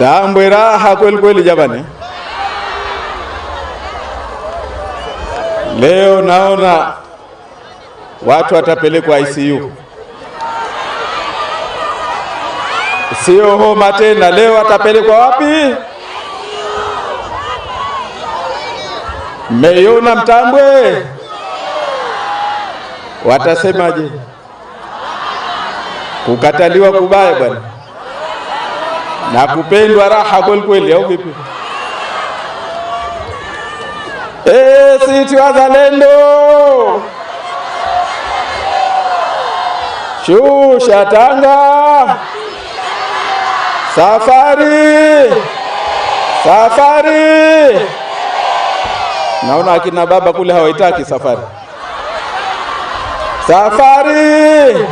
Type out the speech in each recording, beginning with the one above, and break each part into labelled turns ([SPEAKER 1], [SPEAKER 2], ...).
[SPEAKER 1] tambwe raha kweli kweli jamani. Leo naona watu watapelekwa ICU, sio homa tena. Leo watapelekwa wapi? Mmeiona Mtambwe? Watasemaje? Kukataliwa kubaya bwana na kupendwa raha kweli kweli, au vipi? Eh, sisi wazalendo, shusha tanga, safari safari. Naona akina baba kule hawaitaki safari safari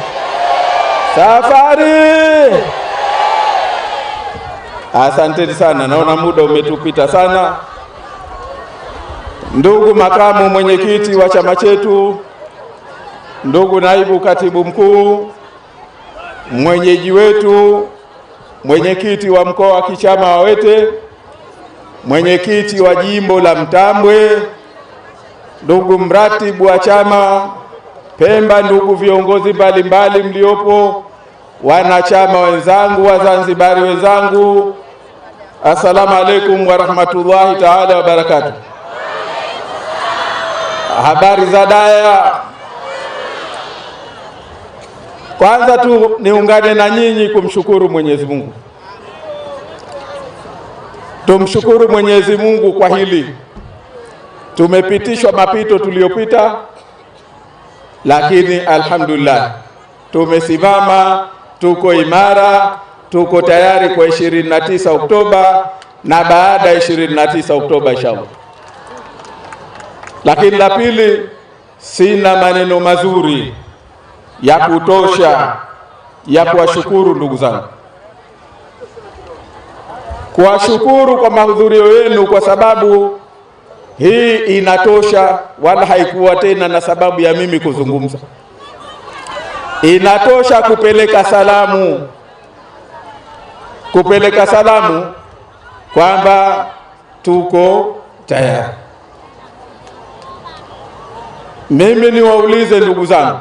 [SPEAKER 1] safari Asanteni sana, naona muda umetupita sana. Ndugu makamu mwenyekiti wa chama chetu, ndugu naibu katibu mkuu, mwenyeji wetu, mwenyekiti wa mkoa wa kichama Wawete, mwenyekiti wa jimbo la Mtambwe, ndugu mratibu wa chama Pemba, ndugu viongozi mbalimbali mliopo, wanachama wenzangu, Wazanzibari wenzangu Assalamu alaikum warahmatullahi taala wabarakatu Habari za daya. Kwanza tu niungane na nyinyi kumshukuru Mwenyezi Mungu, tumshukuru Mwenyezi Mungu kwa hili. Tumepitishwa mapito tuliyopita, lakini alhamdulillah tumesimama, tuko imara tuko tayari kwa 29 Oktoba na baada ya 29 Oktoba inshallah. Lakini la pili, sina maneno mazuri ya kutosha ya kuwashukuru ndugu zangu, kuwashukuru kwa mahudhurio yenu, kwa sababu hii inatosha, wala haikuwa tena na sababu ya mimi kuzungumza. Inatosha kupeleka salamu kupeleka salamu kwamba tuko tayari. Mimi niwaulize ndugu zangu,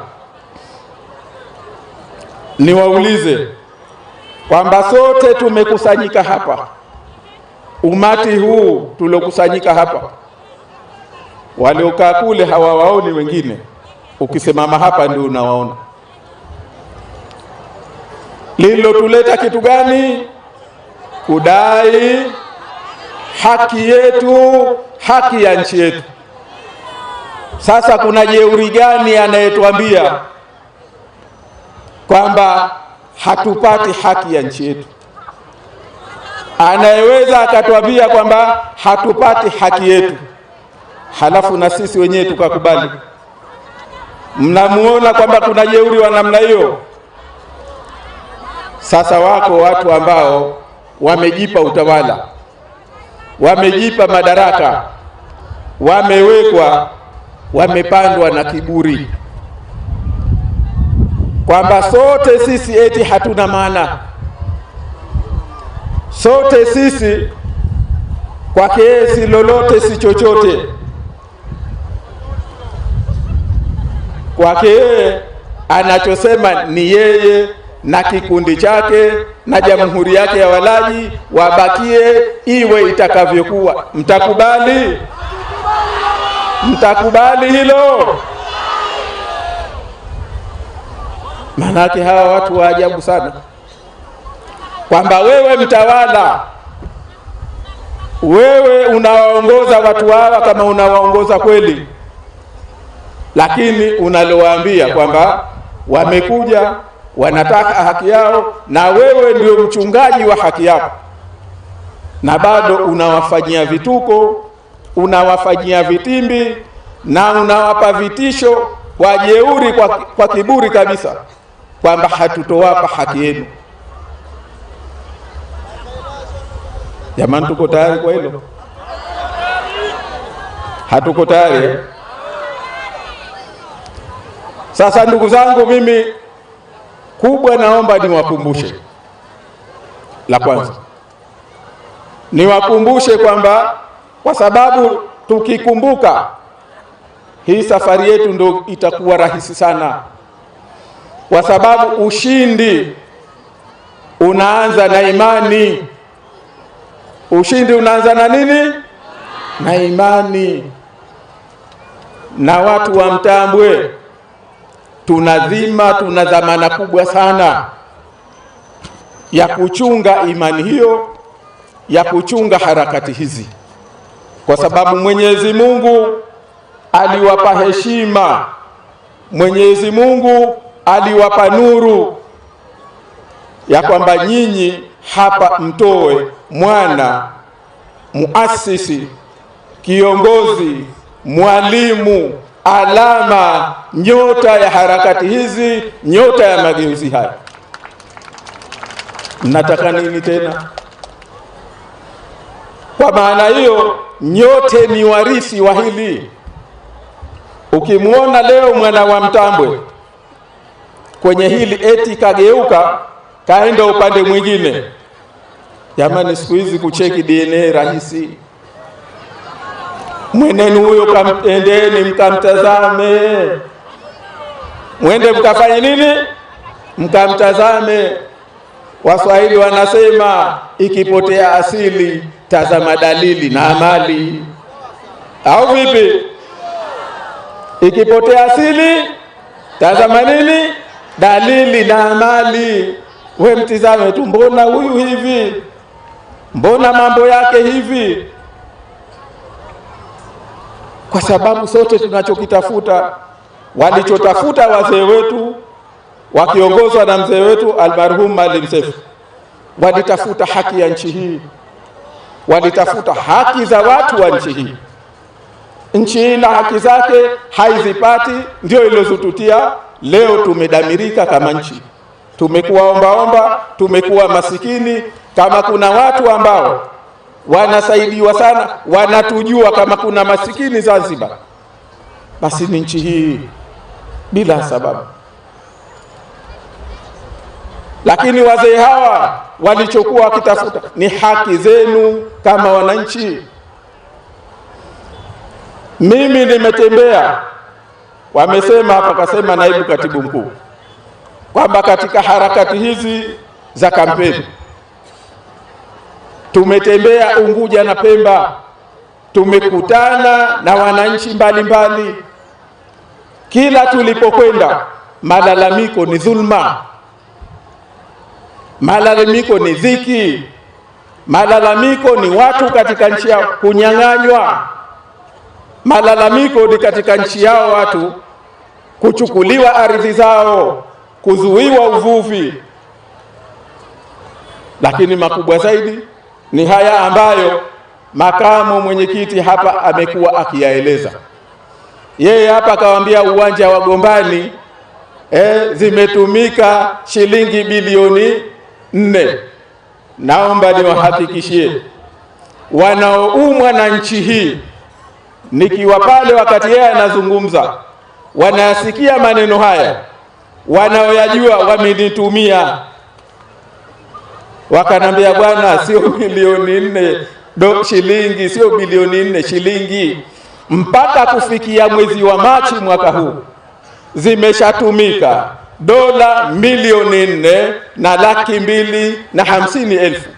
[SPEAKER 1] niwaulize kwamba sote tumekusanyika hapa, umati huu tuliokusanyika hapa, waliokaa kule hawawaoni wengine, ukisimama hapa ndio unawaona. Lililotuleta kitu gani? kudai haki yetu, haki ya nchi yetu. Sasa kuna jeuri gani anayetuambia kwamba hatupati haki ya nchi yetu? Anayeweza akatuambia kwamba hatupati haki yetu, halafu na sisi wenyewe tukakubali? Mnamuona kwamba kuna jeuri wa namna hiyo? Sasa wako watu ambao wamejipa utawala, wamejipa madaraka, wamewekwa, wamepandwa na kiburi, kwamba sote sisi eti hatuna maana, sote sisi kwake yeye si lolote, si chochote kwake yeye anachosema ni yeye na kikundi chake na jamhuri yake ya walaji wabakie iwe itakavyokuwa. Mtakubali? Mtakubali hilo? Maanake hawa watu wa ajabu sana, kwamba wewe mtawala, wewe unawaongoza watu hawa kama unawaongoza kweli, lakini unalowaambia kwamba wamekuja wanataka haki yao, na wewe ndio mchungaji wa haki yako, na bado unawafanyia vituko, unawafanyia vitimbi na unawapa vitisho wajeuri kwa, kwa kiburi kabisa kwamba hatutowapa haki yenu. Jamani, tuko tayari kwa hilo? Hatuko eh? tayari. Sasa ndugu zangu, mimi kubwa naomba niwakumbushe. La kwanza niwakumbushe kwamba kwa sababu tukikumbuka hii safari yetu ndo itakuwa rahisi sana, kwa sababu ushindi unaanza na imani. Ushindi unaanza na nini? Na imani, na watu wamtambwe tunazima tuna dhamana kubwa sana ya kuchunga imani hiyo, ya kuchunga harakati hizi, kwa sababu Mwenyezi Mungu aliwapa heshima, Mwenyezi Mungu aliwapa nuru ya kwamba nyinyi hapa mtoe mwana muasisi, kiongozi, mwalimu alama, nyota ya harakati hizi, nyota ya mageuzi haya. Mnataka nini tena? Kwa maana hiyo, nyote ni warithi wa hili. Ukimwona leo mwana wa Mtambwe kwenye hili eti kageuka kaenda upande mwingine, jamani, siku hizi kucheki DNA rahisi mweneni huyo, kamtendeni, mkamtazame, mwende mkafanye nini? Mkamtazame. Waswahili wanasema ikipotea asili tazama dalili na amali, au vipi? Ikipotea asili tazama nini? Dalili na amali. We mtizame tu, mbona huyu hivi? Mbona mambo yake hivi? kwa sababu sote tunachokitafuta, walichotafuta wazee wetu wakiongozwa na mzee wetu almarhum Maalim Seif, walitafuta haki ya nchi hii, walitafuta haki za watu wa nchi hii. Nchi hii na haki zake haizipati, ndio iliyozututia leo tumedamirika kama nchi, tumekuwa ombaomba, tumekuwa masikini. Kama kuna watu ambao wanasaidiwa sana, wanatujua. Kama kuna masikini Zanzibar, basi ni nchi hii bila sababu. Lakini wazee hawa walichokuwa wakitafuta ni haki zenu kama wananchi. Mimi nimetembea, wamesema hapa, kasema naibu katibu mkuu kwamba katika harakati hizi za kampeni Tumetembea Unguja na Pemba, tumekutana na wananchi mbalimbali. Kila tulipokwenda, malalamiko ni dhulma, malalamiko ni dhiki, malalamiko ni watu katika nchi yao kunyang'anywa, malalamiko ni katika nchi yao watu kuchukuliwa ardhi zao, kuzuiwa uvuvi, lakini makubwa zaidi ni haya ambayo makamu mwenyekiti hapa amekuwa akiyaeleza yeye hapa akawaambia uwanja wa Gombani eh, zimetumika shilingi bilioni nne. Naomba niwahakikishie wanaoumwa na nchi hii, nikiwa pale wakati yeye anazungumza, wanayasikia maneno haya, wanaoyajua wamenitumia Wakanambia bwana, sio milioni nne do shilingi, sio bilioni nne shilingi. Mpaka kufikia mwezi wa Machi mwaka huu zimeshatumika dola milioni nne na laki mbili na hamsini elfu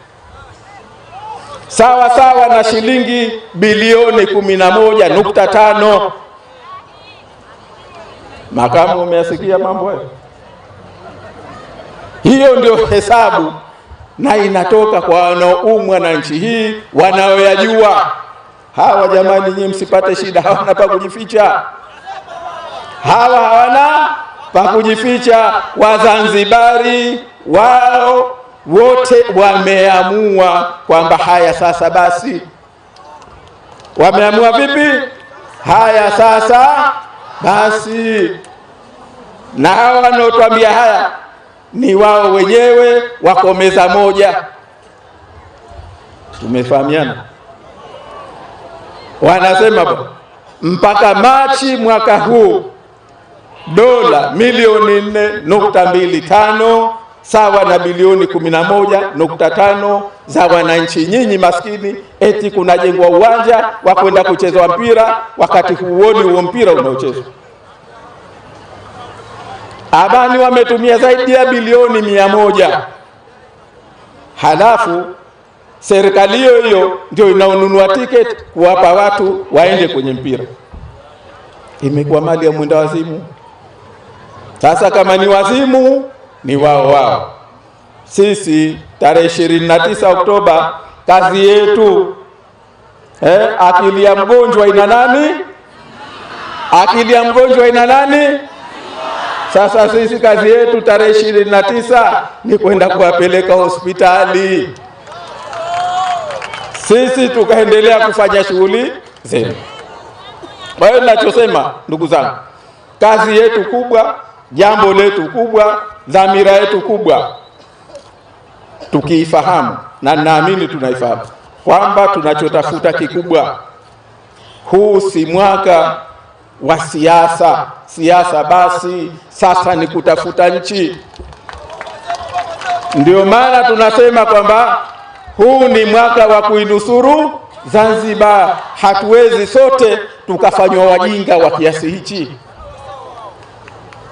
[SPEAKER 1] sawa sawa na shilingi bilioni kumi na moja nukta tano. Makamu, umeyasikia mambo hayo? Hiyo ndio hesabu na inatoka kwa wanaoumwa na nchi hii wanaoyajua. Hawa jamani, nyinyi msipate shida, hawana pa kujificha. Hawa hawana pa kujificha. Wazanzibari wao wote wameamua kwamba haya sasa basi. Wameamua vipi? Haya sasa basi. Na hawa wanaotuambia haya ni wao wenyewe, wako meza moja. Tumefahamiana? Wanasema mpaka Machi mwaka huu dola milioni 4.25 sawa na bilioni 11.5 za wananchi. Nyinyi maskini, eti kunajengwa uwanja wa kwenda kuchezwa mpira, wakati huoni huo mpira unaochezwa. Abani wametumia zaidi ya bilioni mia moja halafu serikali hiyo hiyo ndio inaonunua tiketi kuwapa watu waende kwenye mpira, imekuwa mali ya mwenda wazimu. Sasa kama ni wazimu, ni wao wao. Sisi tarehe 29 Oktoba kazi yetu eh, akili ya mgonjwa ina nani? Akili ya mgonjwa ina nani? Sasa sisi kazi yetu tarehe ishirini na tisa ni kwenda kuwapeleka hospitali, sisi tukaendelea kufanya shughuli zetu. Kwa hiyo ninachosema, ndugu zangu, kazi yetu kubwa, jambo letu kubwa, dhamira yetu kubwa, tukiifahamu na naamini tunaifahamu kwamba tunachotafuta kikubwa, huu si mwaka wa siasa siasa basi sasa ni kutafuta nchi. Ndio maana tunasema kwamba huu ni mwaka wa kuinusuru Zanzibar. Hatuwezi sote tukafanywa wajinga wa kiasi hichi.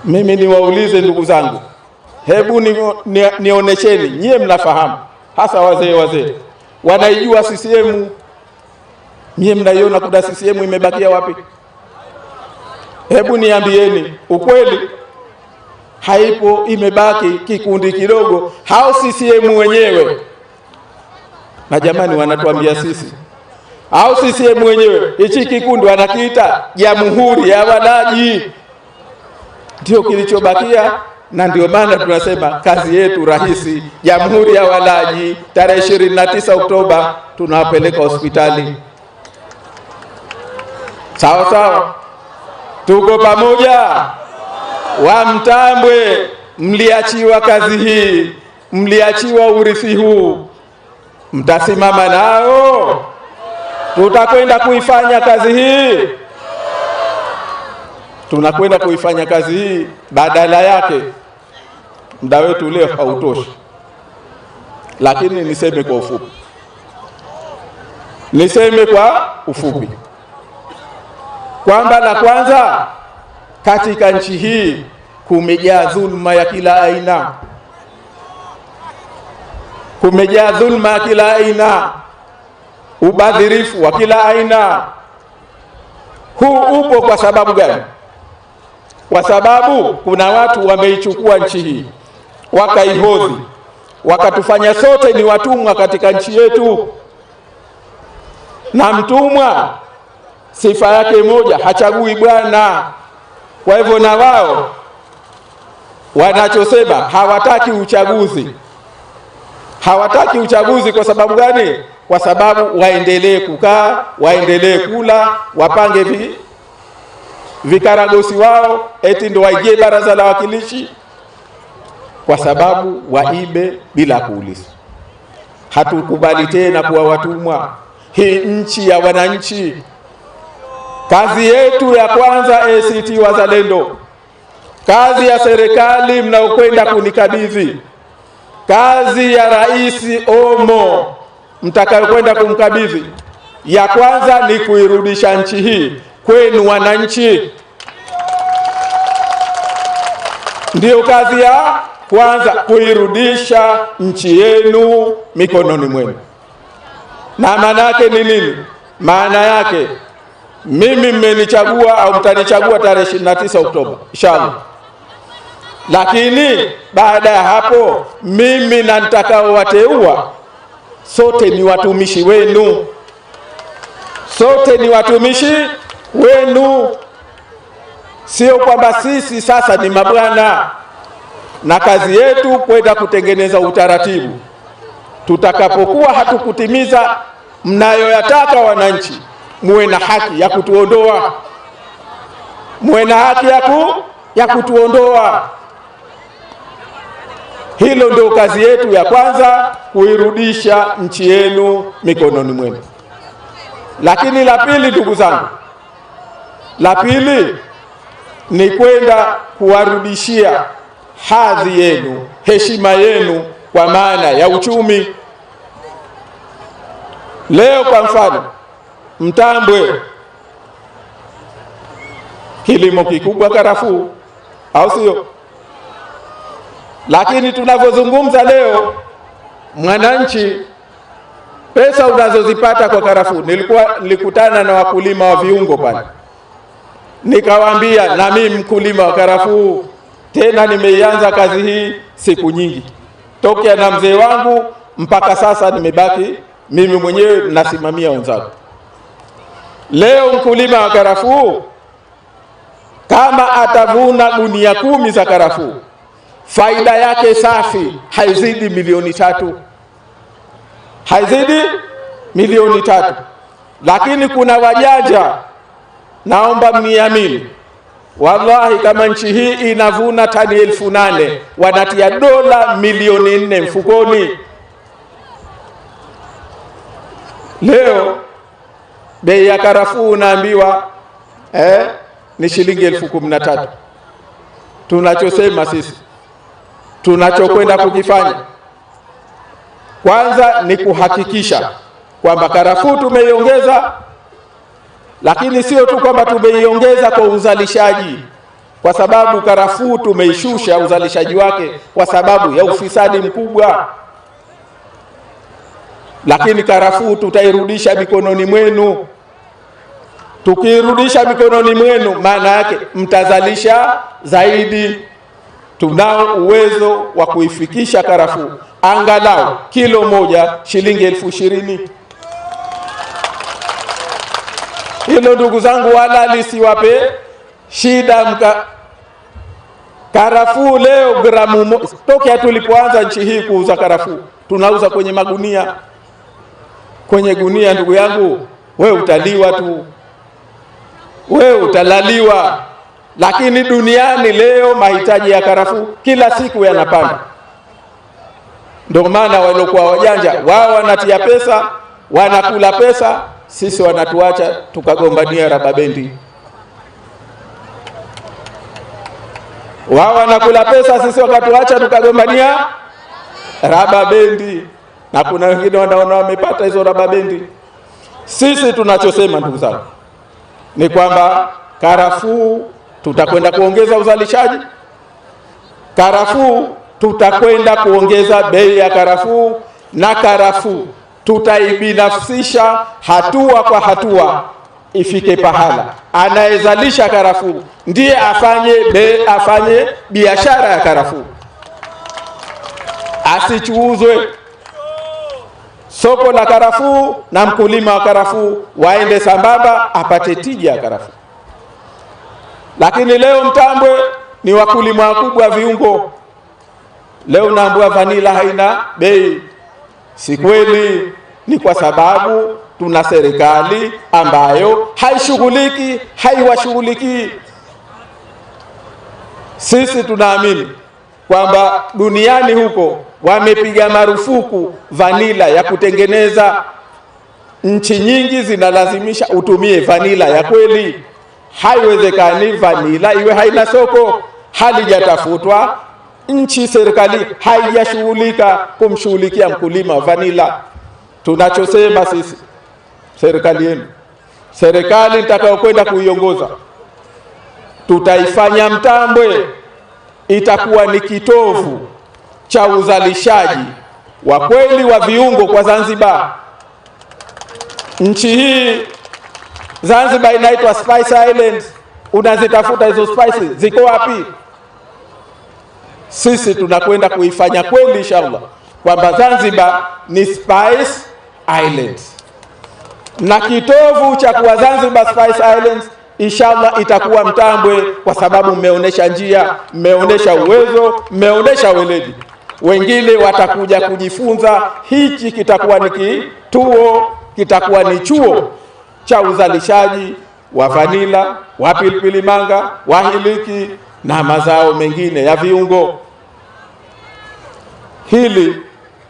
[SPEAKER 1] Mimi niwaulize ndugu zangu, hebu nionyesheni, nyie mnafahamu, hasa wazee wazee wanaijua CCM, nyie mnaiona kuda CCM imebakia wapi? Hebu niambieni ukweli, haipo, imebaki kikundi kidogo, hao CCM wenyewe. Na jamani, wanatuambia sisi au CCM wenyewe hichi kikundi wanakiita Jamhuri ya walaji ndio kilichobakia. Na ndio maana tunasema kazi yetu rahisi, Jamhuri ya Wanaji, tarehe 29 Oktoba tunawapeleka hospitali. Sawa sawa. Tuko pamoja. Wa Mtambwe, mliachiwa kazi hii, mliachiwa urithi huu, mtasimama nao. Tutakwenda kuifanya kazi hii, tunakwenda kuifanya kazi hii. Badala yake muda wetu leo hautoshi, lakini niseme kwa ufupi, niseme kwa ufupi kwamba la kwanza, katika nchi hii kumejaa dhulma ya kila aina, kumejaa dhulma ya kila aina, ubadhirifu wa kila aina. Huu upo kwa sababu gani? Kwa sababu kuna watu wameichukua nchi hii wakaihodhi, wakatufanya sote ni watumwa katika nchi yetu, na mtumwa sifa yake moja, hachagui bwana. Kwa hivyo na wao wanachosema hawataki uchaguzi, hawataki uchaguzi. Kwa sababu gani? Kwa sababu waendelee kukaa, waendelee kula, wapange vi, vikaragosi wao, eti ndo waingie baraza la wakilishi, kwa sababu waibe bila kuulizwa. Hatukubali tena kuwa watumwa. Hii nchi ya wananchi. Kazi yetu ya kwanza ACT Wazalendo, kazi ya serikali mnayokwenda kunikabidhi, kazi ya Rais Omo mtakayokwenda kumkabidhi, ya kwanza ni kuirudisha nchi hii kwenu wananchi. Ndiyo kazi ya kwanza, kuirudisha nchi yenu mikononi mwenu. Na maana yake ni nini? Maana yake mimi mmenichagua au mtanichagua tarehe 29 Oktoba inshallah, lakini baada ya hapo mimi na nitakaowateua sote ni watumishi wenu, sote ni watumishi wenu, sio kwamba sisi sasa ni mabwana, na kazi yetu kwenda kutengeneza utaratibu tutakapokuwa hatukutimiza mnayoyataka wananchi muwe na haki ya kutuondoa, muwe na haki ya, ku, ya kutuondoa. Hilo ndio kazi yetu ya kwanza, kuirudisha nchi yenu mikononi mwenu. Lakini la pili, ndugu zangu, la pili ni kwenda kuwarudishia hadhi yenu, heshima yenu, kwa maana ya uchumi. Leo kwa mfano Mtambwe, kilimo kikubwa karafuu, au sio? Lakini tunavyozungumza leo, mwananchi, pesa unazozipata kwa karafuu, nilikuwa nilikutana na wakulima wa viungo pale, nikawaambia na mimi mkulima wa karafuu, tena nimeianza kazi hii siku nyingi tokea na mzee wangu mpaka sasa, nimebaki mimi mwenyewe nasimamia wenzangu. Leo mkulima wa karafuu kama atavuna gunia kumi za karafuu, faida yake safi haizidi milioni tatu, haizidi milioni tatu. Lakini kuna wajanja, naomba mniamini, wallahi, kama nchi hii inavuna tani elfu nane wanatia dola milioni nne mfukoni leo bei ya karafuu unaambiwa eh, eh? ni shilingi elfu kumi na tatu. Tunachosema sisi tunachokwenda kukifanya kwanza ni kuhakikisha kwamba karafuu tumeiongeza, lakini sio tu kwamba tumeiongeza kwa uzalishaji, kwa sababu karafuu tumeishusha uzalishaji wake kwa sababu ya ufisadi mkubwa lakini karafuu tutairudisha mikononi mwenu. Tukiirudisha mikononi mwenu, maana yake mtazalisha zaidi. Tunao uwezo wa kuifikisha karafuu angalau kilo moja shilingi elfu ishirini. Hilo ndugu zangu, wala lisiwape shida mka karafuu leo gramu mo... tokea tulipoanza nchi hii kuuza karafuu tunauza kwenye magunia kwenye gunia, ndugu yangu, we utaliwa tu, we utalaliwa. Lakini duniani leo mahitaji ya karafuu kila siku yanapanda. Ndio maana waliokuwa wajanja wao wanatia pesa, wanakula pesa, sisi wanatuacha tukagombania raba bendi. Wao wanakula pesa, sisi wakatuacha tukagombania raba bendi na kuna wengine wanaona wamepata hizo raba bendi. Sisi tunachosema ndugu zangu ni kwamba karafuu tutakwenda kuongeza uzalishaji karafuu, tutakwenda kuongeza bei ya karafuu, na karafuu tutaibinafsisha hatua kwa hatua, ifike pahala anayezalisha karafuu ndiye afanye be, afanye biashara ya karafuu, asichuuzwe soko la karafuu na mkulima wa karafuu waende sambamba, apate tija ya karafuu. Lakini leo Mtambwe ni wakulima wakubwa viungo. Leo naambua vanila haina bei, si kweli. Ni kwa sababu tuna serikali ambayo haishughuliki, haiwashughulikii. Sisi tunaamini kwamba duniani huko wamepiga marufuku vanila ya kutengeneza. Nchi nyingi zinalazimisha utumie vanila ya kweli. Haiwezekani vanila iwe haina soko, halijatafutwa nchi, serikali haijashughulika kumshughulikia mkulima wa vanila. Tunachosema sisi, serikali yenu, serikali nitakayokwenda kuiongoza, tutaifanya Mtambwe itakuwa ni kitovu cha uzalishaji wa kweli wa viungo kwa Zanzibar. Nchi hii Zanzibar inaitwa Spice Island. Unazitafuta hizo spices, ziko wapi? Sisi tunakwenda kuifanya kweli inshallah, kwamba Zanzibar ni Spice Island na kitovu cha kuwa Zanzibar Spice Island inshallah itakuwa Mtambwe, kwa sababu mmeonesha njia, mmeonesha uwezo, mmeonesha weledi wengine watakuja kujifunza. Hichi kitakuwa ni kituo, kitakuwa ni chuo cha uzalishaji wa vanila, wa pilipili manga, wa hiliki na mazao mengine ya viungo. Hili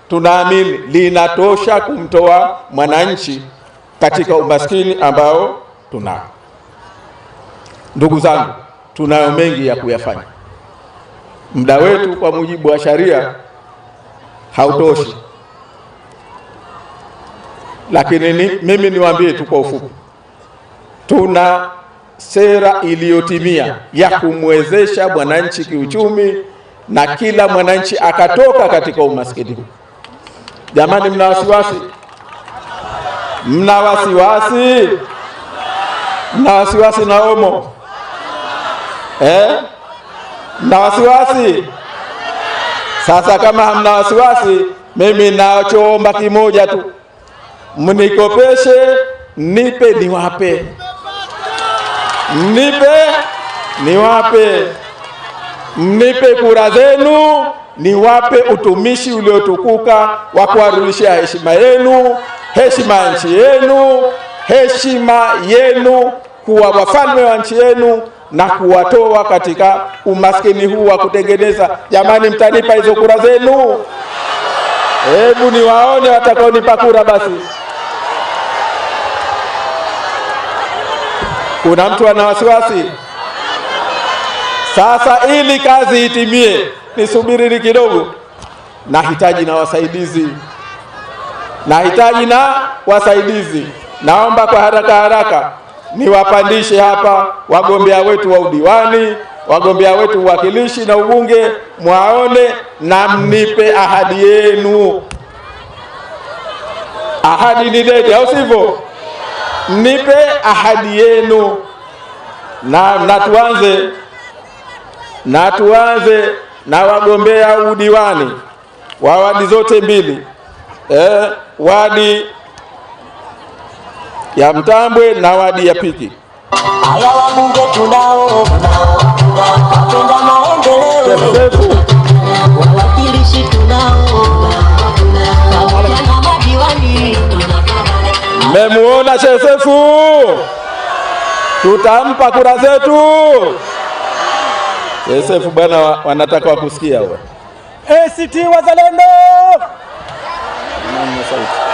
[SPEAKER 1] tunaamini linatosha kumtoa mwananchi katika umaskini ambao tunao. Ndugu zangu, tunayo mengi ya kuyafanya muda wetu kwa mujibu wa sharia hautoshi, lakini ni, mimi niwaambie tu kwa ufupi, tuna sera iliyotimia ya kumwezesha mwananchi kiuchumi na kila mwananchi akatoka katika umaskini. Jamani, mna wasiwasi? Mna wasiwasi? Mna wasiwasi na omo eh? na wasiwasi? Sasa kama hamna wasiwasi, mimi nachoomba kimoja tu, mnikopeshe, nipe niwape, mnipe niwape, mnipe kura zenu niwape utumishi uliotukuka wa kuwarudishia heshima yenu, heshima ya nchi yenu, heshima yenu kuwa wafalme wa nchi yenu na kuwatoa katika umaskini huu wa kutengeneza. Jamani, mtanipa hizo kura zenu? Hebu niwaone watakaonipa kura. Basi kuna mtu ana wasiwasi sasa. Ili kazi itimie, nisubirini kidogo, nahitaji na wasaidizi, nahitaji na wasaidizi. Naomba kwa haraka haraka niwapandishe hapa wagombea wetu wa udiwani, wagombea wetu uwakilishi na ubunge, mwaone na mnipe ahadi yenu. Ahadi ni deni, au sivyo? Mnipe ahadi yenu na tuanze na tuanze na wagombea udiwani wa wadi zote mbili eh, wadi ya Mtambwe na wadi ya Piki. Haya wabunge maendeleo, wawakilishi na madiwani. Mmemuona Chesefu, tutampa kura zetu. Chesefu bwana, wanataka wakusikia wa ACT Wazalendo,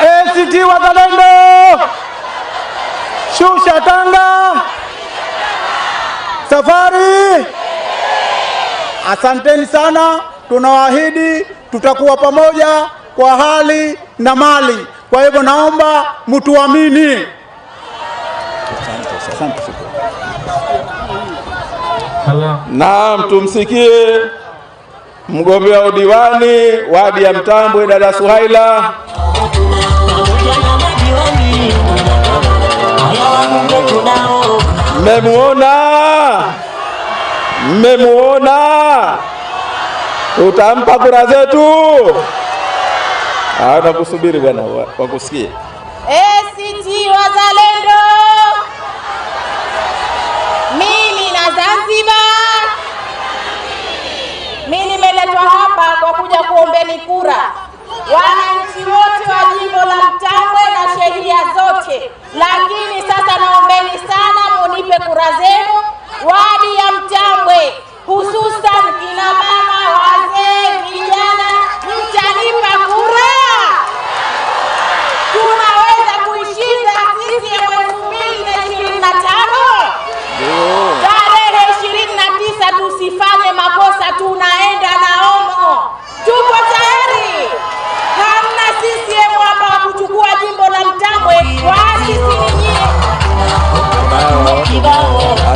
[SPEAKER 1] ACT Wazalendo. Shusha tanga, safari. Asanteni sana, tunawaahidi tutakuwa pamoja kwa hali na mali. Kwa hivyo naomba mtuamini. Naam, tumsikie mgombea udiwani wadi ya Mtambwe dada Suhaila. Mmemuona? Mmemuona? Utampa kura zetu? Ana ah, kusubiri bwana, wakusikie.
[SPEAKER 2] ACT Wazalendo, mimi na Zanzibar, mimi nimeletwa hapa kwa kuja kuombeni kura wananchi wote wa jimbo la Mtambwe na sheria zote lakini sasa naombeni sana munipe kura zenu wadi ya Mtambwe hususan mama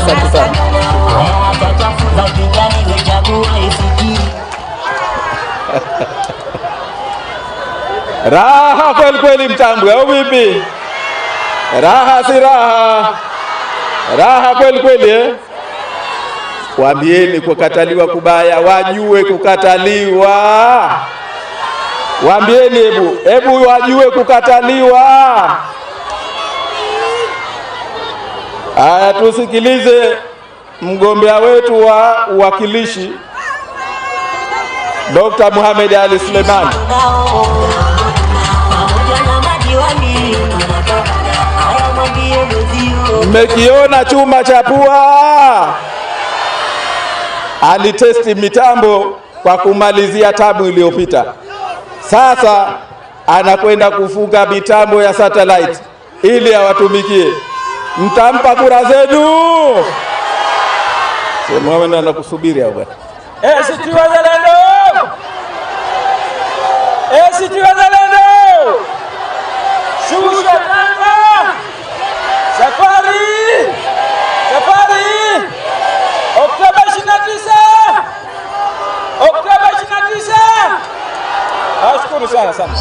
[SPEAKER 2] Asante sana.
[SPEAKER 1] Raha kweli kweli, mtambwe au vipi? Raha si raha, raha kweli kweli eh? Waambieni kukataliwa kubaya, wajue kukataliwa. Waambieni hebu hebu wajue kukataliwa Aya, tusikilize mgombea wetu wa uwakilishi Dr. Muhammad Ali Suleiman. Mmekiona chuma cha pua, alitesti mitambo kwa kumalizia tabu iliyopita. Sasa anakwenda kufunga mitambo ya satellite ili awatumikie. Mtampa kura zenu, sema wewe, nakusubiria bwana. ACT Wazalendo, ACT Wazalendo, shusha kamba, safari safari, Oktoba 29, Oktoba 29. Ashukuru sana sana.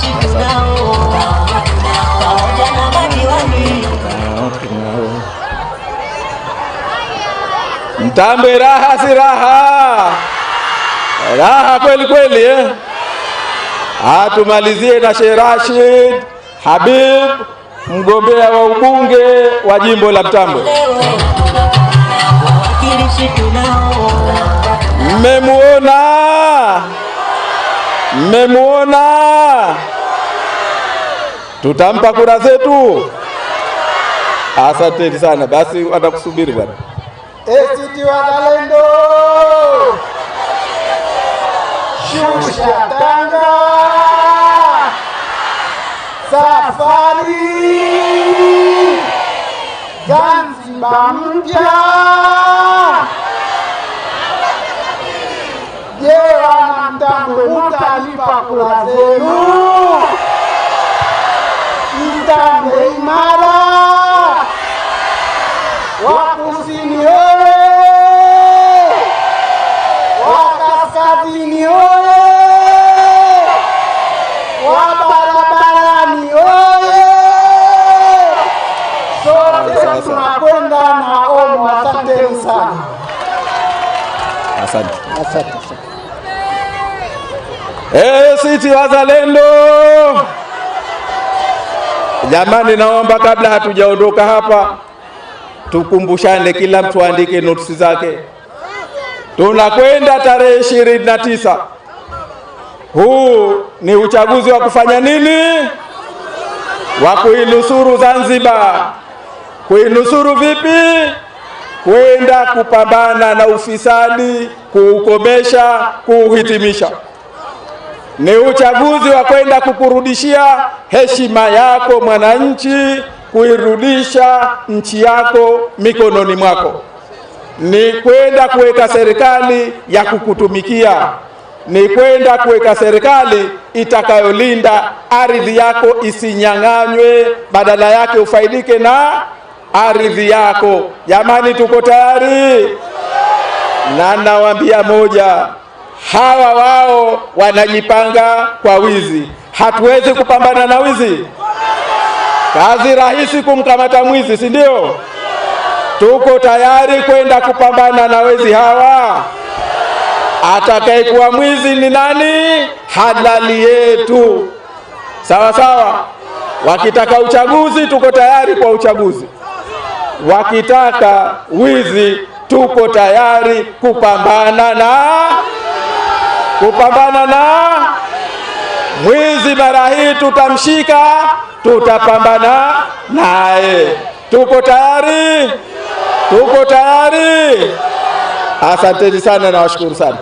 [SPEAKER 1] tambwe raha, si raha? Raha kweli kweli eh? Atumalizie na Sheikh Rashid Habib, mgombea wa ubunge wa jimbo la Mtambwe. Mmemuona, mmemuona, tutampa kura zetu. Asanteni sana, basi watakusubiri bwana. ACT Wazalendo, shusha tanga, safari Zanzibar mpya. Je, wanamtambwe mtalipa kura zenu? Mtambwe imara wa kusini mjini oye, wa barabarani oye, sote tunakwenda na omo. sana, asante, asante. Wazalendo, jamani, naomba kabla hatujaondoka hapa tukumbushane, kila mtu aandike notisi zake. Tunakwenda tarehe ishirini na tisa. Huu ni uchaguzi wa kufanya nini? Wa kuinusuru Zanzibar. Kuinusuru vipi? Kwenda kupambana na ufisadi, kuukomesha, kuuhitimisha. Ni uchaguzi wa kwenda kukurudishia heshima yako mwananchi, kuirudisha nchi yako mikononi mwako ni kwenda kuweka serikali ya kukutumikia, ni kwenda kuweka serikali itakayolinda ardhi yako isinyang'anywe, badala yake ufaidike na ardhi yako. Jamani, tuko tayari? Na nawaambia moja, hawa wao wanajipanga kwa wizi. Hatuwezi kupambana na wizi, kazi rahisi kumkamata mwizi, si ndio? Tuko tayari kwenda kupambana na wezi hawa. Atakayekuwa mwizi ni nani? Halali yetu. Sawa sawa. Wakitaka uchaguzi, tuko tayari kwa uchaguzi. Wakitaka wizi, tuko tayari kupambana na kupambana na mwizi. Mara hii tutamshika, tutapambana naye. Tuko tayari. Tuko tayari. Asanteni sana, nawashukuru sana.